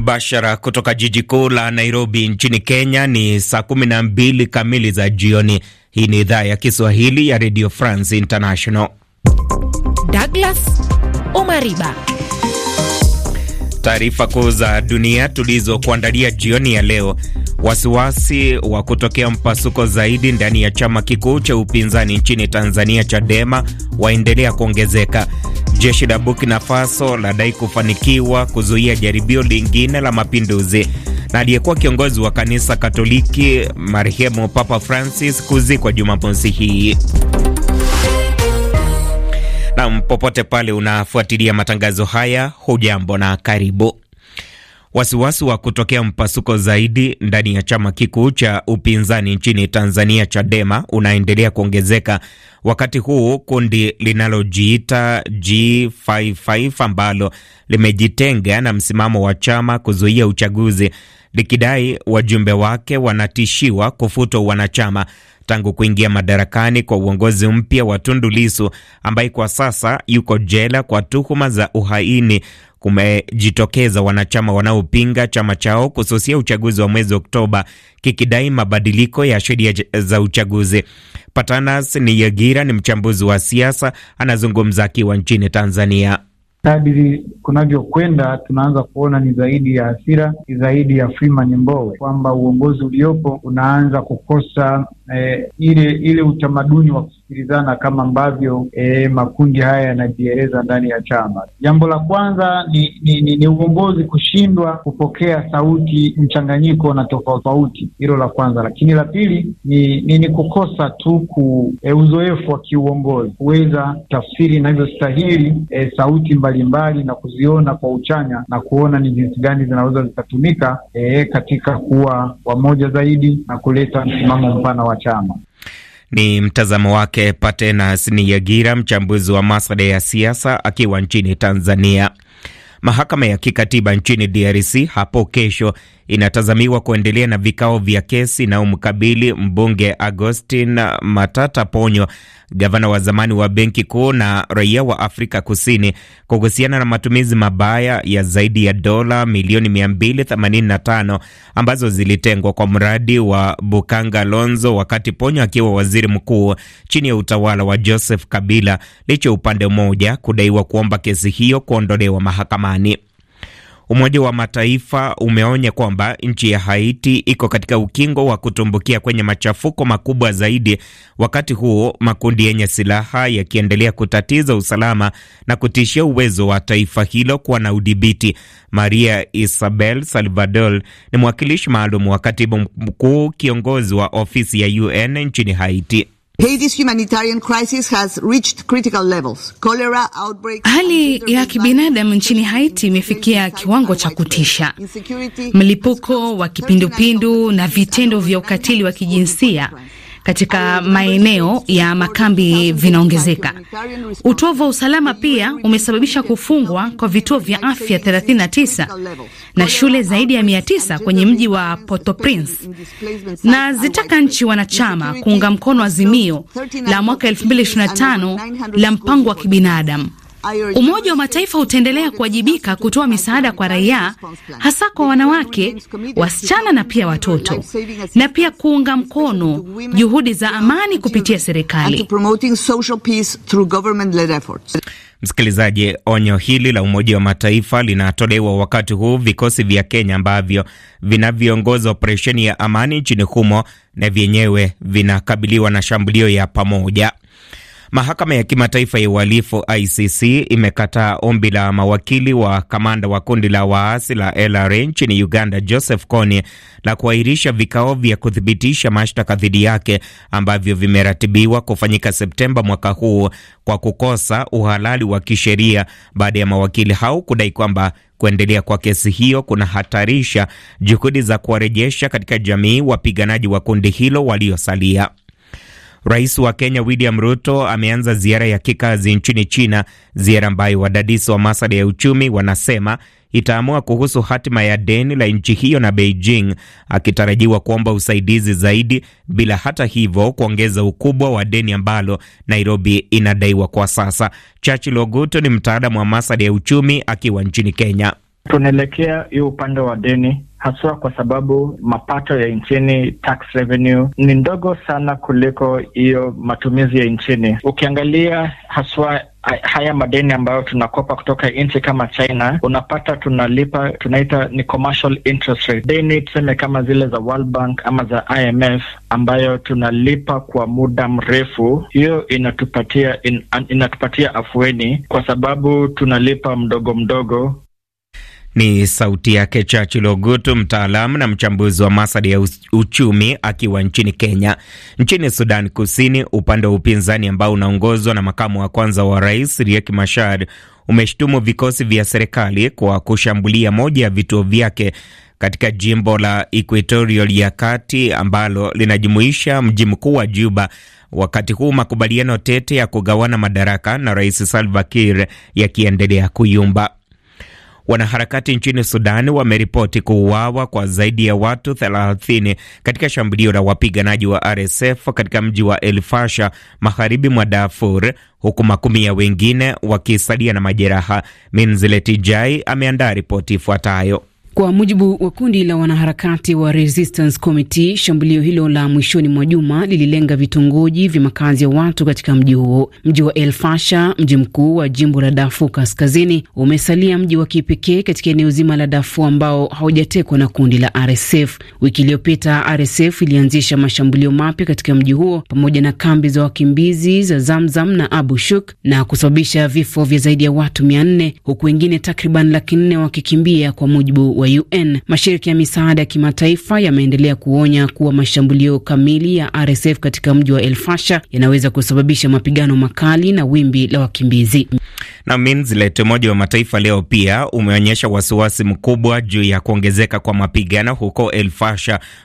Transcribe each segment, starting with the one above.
Mbashara kutoka jiji kuu la Nairobi nchini Kenya. Ni saa 12 kamili za jioni. Hii ni idhaa ya Kiswahili ya Radio France International. Douglas Omariba, taarifa kuu za dunia tulizokuandalia jioni ya leo: wasiwasi wa kutokea mpasuko zaidi ndani ya chama kikuu cha upinzani nchini Tanzania, Chadema, waendelea kuongezeka. Jeshi la Burkina Faso ladai kufanikiwa kuzuia jaribio lingine la mapinduzi. Na aliyekuwa kiongozi wa kanisa Katoliki marehemu Papa Francis kuzikwa Jumamosi hii. Nam, popote pale unafuatilia matangazo haya, hujambo na karibu. Wasiwasi wa kutokea mpasuko zaidi ndani ya chama kikuu cha upinzani nchini Tanzania, Chadema, unaendelea kuongezeka wakati huu kundi linalojiita G55 ambalo limejitenga na msimamo wa chama kuzuia uchaguzi likidai wajumbe wake wanatishiwa kufutwa wanachama tangu kuingia madarakani kwa uongozi mpya wa Tundu Lisu ambaye kwa sasa yuko jela kwa tuhuma za uhaini kumejitokeza wanachama wanaopinga chama chao kususia uchaguzi wa mwezi Oktoba, kikidai mabadiliko ya sheria za uchaguzi. Patanas ni Yagira ni mchambuzi wa siasa, anazungumza akiwa nchini Tanzania. Kadiri kunavyokwenda tunaanza kuona ni zaidi ya hasira, ni zaidi ya Freeman Mbowe, kwamba uongozi uliopo unaanza kukosa eh, ile ile utamaduni wa kusikilizana kama ambavyo e, makundi haya yanajieleza ndani ya chama. Jambo la kwanza ni, ni, ni, ni uongozi kushindwa kupokea sauti mchanganyiko na tofauti, hilo la kwanza. Lakini la pili ni, ni, ni kukosa tu ku, e, uzoefu wa kiuongozi kuweza tafsiri inavyostahili e, sauti mbalimbali mbali na kuziona kwa uchanya na kuona ni jinsi gani zinaweza zikatumika e, katika kuwa wamoja zaidi na kuleta msimamo mpana wa chama. Ni mtazamo wake Patenas Niyagira, mchambuzi wa masuala ya siasa akiwa nchini Tanzania. Mahakama ya kikatiba nchini DRC hapo kesho inatazamiwa kuendelea na vikao vya kesi inayomkabili mbunge Augostin Matata Ponyo, gavana wa zamani wa benki kuu na raia wa Afrika Kusini, kuhusiana na matumizi mabaya ya zaidi ya dola milioni 285 ambazo zilitengwa kwa mradi wa Bukanga Lonzo wakati Ponyo akiwa waziri mkuu chini ya utawala wa Joseph Kabila, licha upande mmoja kudaiwa kuomba kesi hiyo kuondolewa mahakamani. Umoja wa Mataifa umeonya kwamba nchi ya Haiti iko katika ukingo wa kutumbukia kwenye machafuko makubwa zaidi, wakati huo makundi yenye silaha yakiendelea kutatiza usalama na kutishia uwezo wa taifa hilo kuwa na udhibiti. Maria Isabel Salvador ni mwakilishi maalum wa katibu mkuu kiongozi wa ofisi ya UN nchini Haiti. Haiti's humanitarian crisis has reached critical levels. Cholera outbreak... Hali ya kibinadamu nchini Haiti imefikia kiwango cha kutisha. Mlipuko wa kipindupindu na vitendo vya ukatili wa kijinsia katika maeneo ya makambi vinaongezeka. Utovu wa usalama pia umesababisha kufungwa kwa vituo vya afya 39 na shule zaidi ya 900 kwenye mji wa Port-au-Prince. Na zitaka nchi wanachama kuunga mkono azimio la mwaka 2025 la mpango wa kibinadamu Umoja wa Mataifa utaendelea kuwajibika kutoa misaada kwa raia, hasa kwa wanawake, wasichana na pia watoto, na pia kuunga mkono juhudi za amani kupitia serikali. Msikilizaji, onyo hili la Umoja wa Mataifa linatolewa wakati huu vikosi vya Kenya ambavyo vinavyoongoza operesheni ya amani nchini humo na vyenyewe vinakabiliwa na shambulio ya pamoja. Mahakama ya Kimataifa ya Uhalifu ICC imekataa ombi la mawakili wa kamanda wa kundi la waasi la LRA nchini Uganda, Joseph Kony, la kuahirisha vikao vya kuthibitisha mashtaka dhidi yake ambavyo vimeratibiwa kufanyika Septemba mwaka huu kwa kukosa uhalali wa kisheria baada ya mawakili hao kudai kwamba kuendelea kwa kesi hiyo kunahatarisha juhudi za kuwarejesha katika jamii wapiganaji wa kundi hilo waliosalia. Rais wa Kenya William Ruto ameanza ziara ya kikazi nchini China, ziara ambayo wadadisi wa masuala ya uchumi wanasema itaamua kuhusu hatima ya deni la nchi hiyo na Beijing, akitarajiwa kuomba usaidizi zaidi bila hata hivyo kuongeza ukubwa wa deni ambalo Nairobi inadaiwa kwa sasa. Churchill Ogutu ni mtaalamu wa masuala ya uchumi akiwa nchini Kenya. Tunaelekea hiyo upande wa deni haswa kwa sababu mapato ya nchini tax revenue ni ndogo sana kuliko hiyo matumizi ya nchini. Ukiangalia haswa ah, haya madeni ambayo tunakopa kutoka nchi kama China, unapata tunalipa, tunaita ni commercial interest rate deni, tuseme kama zile za World Bank ama za IMF ambayo tunalipa kwa muda mrefu. Hiyo inatupatia in, inatupatia afueni kwa sababu tunalipa mdogo mdogo ni sauti yake chachi logutu mtaalamu na mchambuzi wa masuala ya uchumi akiwa nchini Kenya. Nchini Sudan Kusini, upande wa upinzani ambao unaongozwa na makamu wa kwanza wa rais Riek Machar umeshtumu vikosi vya serikali kwa kushambulia moja ya vituo vyake katika jimbo la Equatorial ya kati ambalo linajumuisha mji mkuu wa Juba, wakati huu makubaliano tete ya kugawana madaraka na rais Salva Kiir yakiendelea kuyumba. Wanaharakati nchini Sudan wameripoti kuuawa kwa zaidi ya watu 30 katika shambulio la wapiganaji wa RSF katika mji wa elfasha magharibi mwa Darfur, huku makumi ya wengine wakisalia na majeraha. Minzileti Jai ameandaa ripoti ifuatayo. Kwa mujibu wa kundi la wanaharakati wa Resistance Committee, shambulio hilo la mwishoni mwa juma lililenga vitongoji vya makazi ya watu katika mji huo. Mji wa El Fasha, mji mkuu wa jimbo la dafu Kaskazini, umesalia mji wa kipekee katika eneo zima la dafu ambao haujatekwa na kundi la RSF. Wiki iliyopita RSF ilianzisha mashambulio mapya katika mji huo pamoja na kambi za wakimbizi za Zamzam na Abu Shuk na kusababisha vifo vya zaidi ya watu mia nne huku wengine takriban laki nne wakikimbia kwa mujibu wa UN. Mashirika ya misaada ya kimataifa yameendelea kuonya kuwa mashambulio kamili ya RSF katika mji wa El yanaweza kusababisha mapigano makali na wimbi la wakimbizi. Na Minzlet, Umoja wa Mataifa leo pia umeonyesha wasiwasi mkubwa juu ya kuongezeka kwa mapigano huko El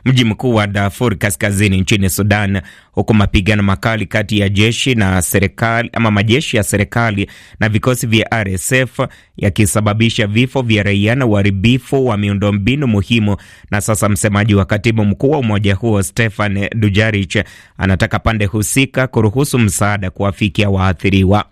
mji mkuu wa Darfur kaskazini nchini Sudan, huku mapigano makali kati ya jeshi na serikali ama majeshi ya serikali na vikosi vya RSF yakisababisha vifo vya raia na uharibifu wa miundombinu muhimu. Na sasa msemaji wa katibu mkuu wa umoja huo Stefan Dujarric anataka pande husika kuruhusu msaada kuwafikia waathiriwa.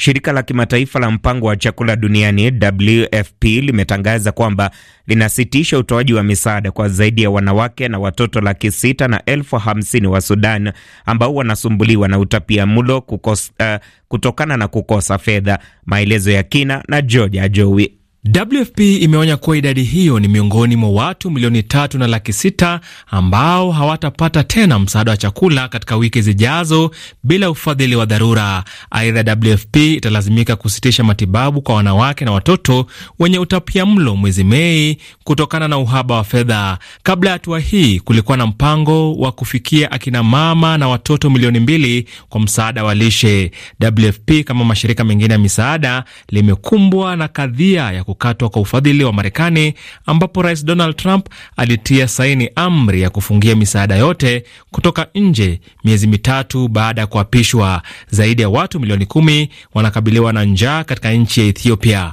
Shirika la kimataifa la mpango wa chakula duniani WFP limetangaza kwamba linasitisha utoaji wa misaada kwa zaidi ya wanawake na watoto laki sita na elfu hamsini wa Sudan ambao wanasumbuliwa na utapia mulo kukos, uh, kutokana na kukosa fedha. Maelezo ya kina na George ajowi WFP imeonya kuwa idadi hiyo ni miongoni mwa watu milioni tatu na laki sita ambao hawatapata tena msaada wa chakula katika wiki zijazo bila ufadhili wa dharura. Aidha, WFP italazimika kusitisha matibabu kwa wanawake na watoto wenye utapia mlo mwezi Mei kutokana na uhaba wa fedha. Kabla ya hatua hii, kulikuwa na mpango wa kufikia akina mama na watoto milioni mbili kwa msaada wa lishe. WFP kama mashirika mengine ya misaada limekumbwa na kadhia ya kukatwa kwa ufadhili wa Marekani, ambapo Rais Donald Trump alitia saini amri ya kufungia misaada yote kutoka nje miezi mitatu baada ya kuapishwa. Zaidi ya watu milioni kumi wanakabiliwa na njaa katika nchi ya Ethiopia.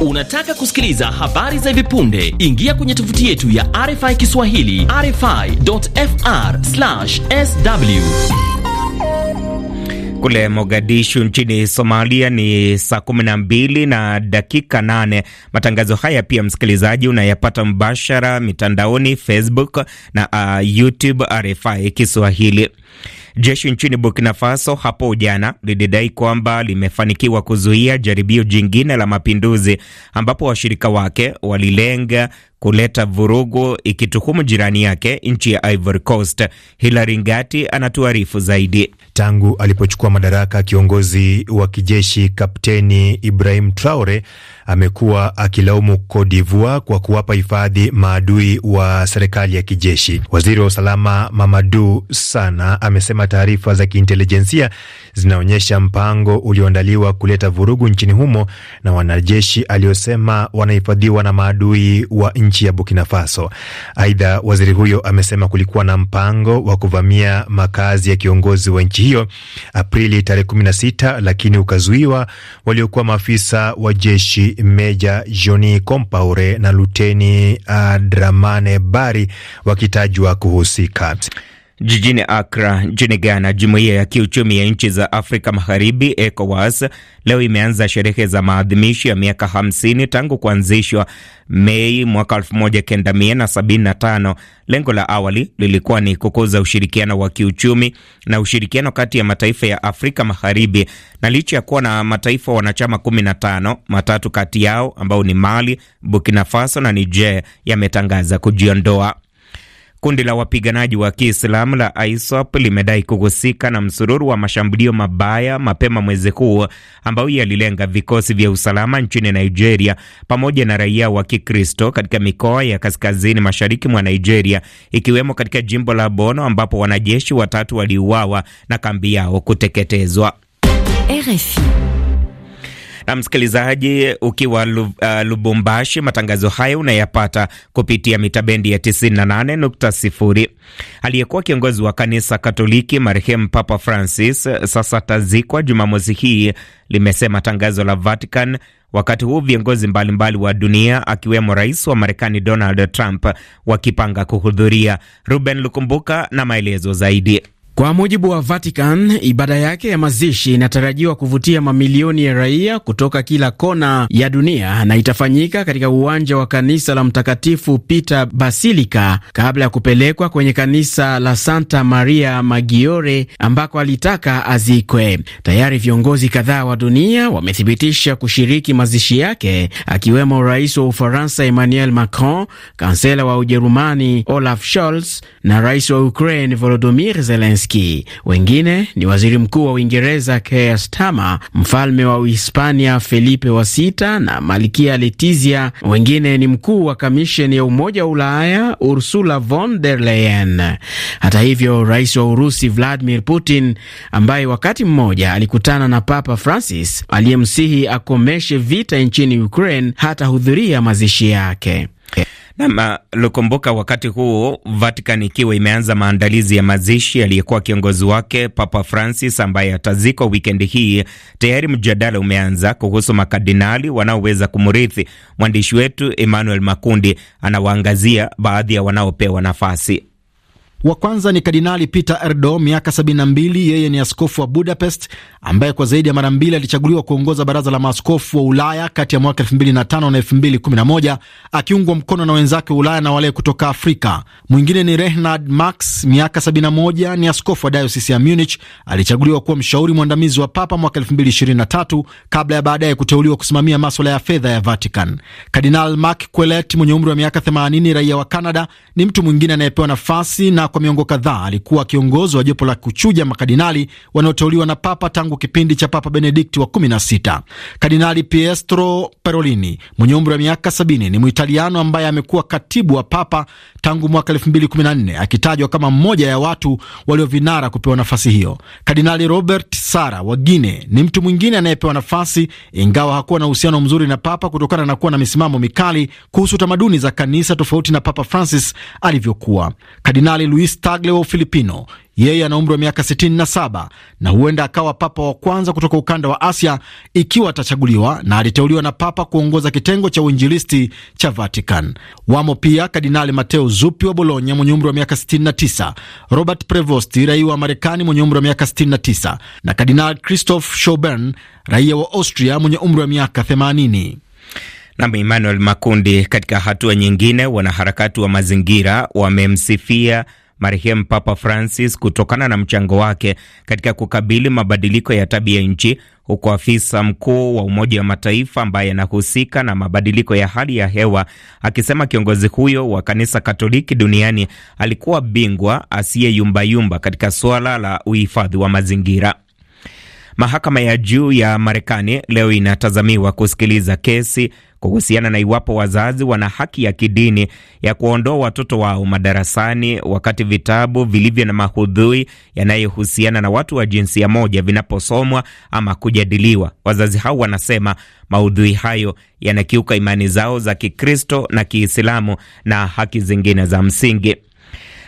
Unataka kusikiliza habari za hivi punde? Ingia kwenye tovuti yetu ya RFI Kiswahili, rfi.fr/sw. Kule Mogadishu nchini Somalia ni saa kumi na mbili na dakika nane. Matangazo haya pia, msikilizaji, unayapata mbashara mitandaoni Facebook na uh, YouTube RFI Kiswahili. Jeshi nchini Burkina Faso hapo jana lilidai kwamba limefanikiwa kuzuia jaribio jingine la mapinduzi ambapo washirika wake walilenga kuleta vurugu, ikituhumu jirani yake nchi ya Ivory Coast. Hilary Ngati anatuarifu zaidi. Tangu alipochukua madaraka, kiongozi wa kijeshi Kapteni Ibrahim Traore amekuwa akilaumu Cote d'Ivoire kwa kuwapa hifadhi maadui wa serikali ya kijeshi. Waziri wa usalama Mamadu Sana amesema taarifa za kiintelijensia zinaonyesha mpango ulioandaliwa kuleta vurugu nchini humo na wanajeshi aliosema wanahifadhiwa na maadui wa nchi ya Burkina Faso. Aidha, waziri huyo amesema kulikuwa na mpango wa kuvamia makazi ya kiongozi wa nchi hiyo Aprili tarehe 16 lakini ukazuiwa. Waliokuwa maafisa wa jeshi Meja Joni Compaore na Luteni Adramane Bari wakitajwa kuhusika. Jijini Accra nchini Ghana, jumuiya ya kiuchumi ya nchi za Afrika Magharibi, ECOWAS, leo imeanza sherehe za maadhimisho ya miaka 50 tangu kuanzishwa Mei mwaka 1975. Lengo la awali lilikuwa ni kukuza ushirikiano wa kiuchumi na ushirikiano kati ya mataifa ya Afrika Magharibi, na licha ya kuwa na mataifa wanachama 15, matatu kati yao ambao ni Mali, Burkina Faso na Niger yametangaza kujiondoa. Kundi la wapiganaji wa Kiislamu la ISWAP limedai kuhusika na msururu wa mashambulio mabaya mapema mwezi huu ambayo yalilenga vikosi vya usalama nchini Nigeria pamoja na raia wa Kikristo katika mikoa ya kaskazini mashariki mwa Nigeria ikiwemo katika jimbo la bono ambapo wanajeshi watatu waliuawa na kambi yao kuteketezwa. RFI. Msikilizaji ukiwa uh, Lubumbashi, matangazo haya unayapata kupitia mitabendi ya 98.0. Aliyekuwa kiongozi wa kanisa Katoliki marehemu Papa Francis sasa tazikwa Jumamosi hii, limesema tangazo la Vatican. Wakati huu viongozi mbalimbali wa dunia akiwemo rais wa Marekani Donald Trump wakipanga kuhudhuria. Ruben Lukumbuka na maelezo zaidi. Kwa mujibu wa Vatican, ibada yake ya mazishi inatarajiwa kuvutia mamilioni ya raia kutoka kila kona ya dunia na itafanyika katika uwanja wa kanisa la Mtakatifu Peter Basilica kabla ya kupelekwa kwenye kanisa la Santa Maria Maggiore ambako alitaka azikwe. Tayari viongozi kadhaa wa dunia wamethibitisha kushiriki mazishi yake, akiwemo rais wa Ufaransa Emmanuel Macron, kansela wa Ujerumani Olaf Scholz na rais wa Ukraine Volodymyr Zelensky. Zelenski. Wengine ni waziri mkuu wa Uingereza Keir Starmer, mfalme wa Uhispania Felipe wa sita na malkia Letizia. Wengine ni mkuu wa kamisheni ya Umoja wa Ulaya Ursula von der Leyen. Hata hivyo, rais wa Urusi Vladimir Putin, ambaye wakati mmoja alikutana na Papa Francis aliyemsihi akomeshe vita nchini Ukraine, hatahudhuria mazishi yake. Nam ah, lukumbuka, wakati huu Vatican ikiwa imeanza maandalizi ya mazishi aliyekuwa kiongozi wake Papa Francis ambaye atazikwa wikendi hii, tayari mjadala umeanza kuhusu makardinali wanaoweza kumrithi. Mwandishi wetu Emmanuel Makundi anawaangazia baadhi ya wanaopewa nafasi. Wa kwanza ni Kardinali Peter Erdo, miaka 72. Yeye ni askofu wa Budapest ambaye kwa zaidi ya mara mbili alichaguliwa kuongoza baraza la maaskofu wa Ulaya kati ya mwaka 2005 na 2011, akiungwa mkono na wenzake wa Ulaya na wale kutoka Afrika. Mwingine ni Reinhard Marx, miaka 71, ni askofu wa diocese ya Munich. Alichaguliwa kuwa mshauri mwandamizi wa papa mwaka 2023 kabla ya baadaye kuteuliwa kusimamia maswala ya fedha ya Vatican. Kardinal Mark Quelet mwenye umri wa miaka 80, raia wa Canada, ni mtu mwingine anayepewa nafasi na kwa miongo kadhaa alikuwa kiongozi wa jopo la kuchuja makadinali wanaoteuliwa na Papa tangu kipindi cha Papa Benedikti wa 16. Kardinali Pietro Parolini mwenye umri wa miaka 70 ni Mwitaliano ambaye amekuwa katibu wa Papa tangu mwaka 2014 akitajwa kama mmoja ya watu waliovinara kupewa nafasi hiyo. Kardinali Robert Sara wa Guine ni mtu mwingine anayepewa nafasi, ingawa hakuwa na uhusiano mzuri na Papa kutokana na kuwa na misimamo mikali kuhusu tamaduni za kanisa, tofauti na Papa Francis alivyokuwa. Kardinali Luis Tagle wa Ufilipino. Yeye ana umri wa miaka 67 na huenda akawa papa wa kwanza kutoka ukanda wa Asia ikiwa atachaguliwa, na aliteuliwa na papa kuongoza kitengo cha uinjilisti cha Vatican. Wamo pia Kardinali Mateo Zuppi wa Bologna mwenye umri wa miaka 69, Robert Prevosti raia wa Marekani mwenye umri wa miaka 69 na kardinal Christoph Schauberg raia wa Austria mwenye umri wa miaka 80. Nam Emmanuel Makundi. Katika hatua nyingine, wanaharakati wa mazingira wamemsifia marehemu Papa Francis kutokana na mchango wake katika kukabili mabadiliko ya tabia nchi, huku afisa mkuu wa Umoja wa Mataifa ambaye anahusika na mabadiliko ya hali ya hewa akisema kiongozi huyo wa kanisa Katoliki duniani alikuwa bingwa asiyeyumbayumba katika suala la uhifadhi wa mazingira. Mahakama ya juu ya Marekani leo inatazamiwa kusikiliza kesi kuhusiana na iwapo wazazi wana haki ya kidini ya kuondoa watoto wao madarasani wakati vitabu vilivyo na mahudhui yanayohusiana na watu wa jinsia moja vinaposomwa ama kujadiliwa. Wazazi hao wanasema maudhui hayo yanakiuka imani zao za Kikristo na Kiislamu na haki zingine za msingi.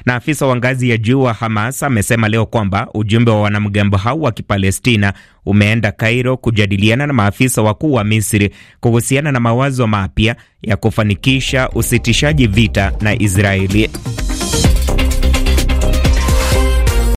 Na afisa wa ngazi ya juu wa Hamas amesema leo kwamba ujumbe wa wanamgambo hao wa Kipalestina umeenda Kairo kujadiliana na maafisa wakuu wa Misri kuhusiana na mawazo mapya ya kufanikisha usitishaji vita na Israeli.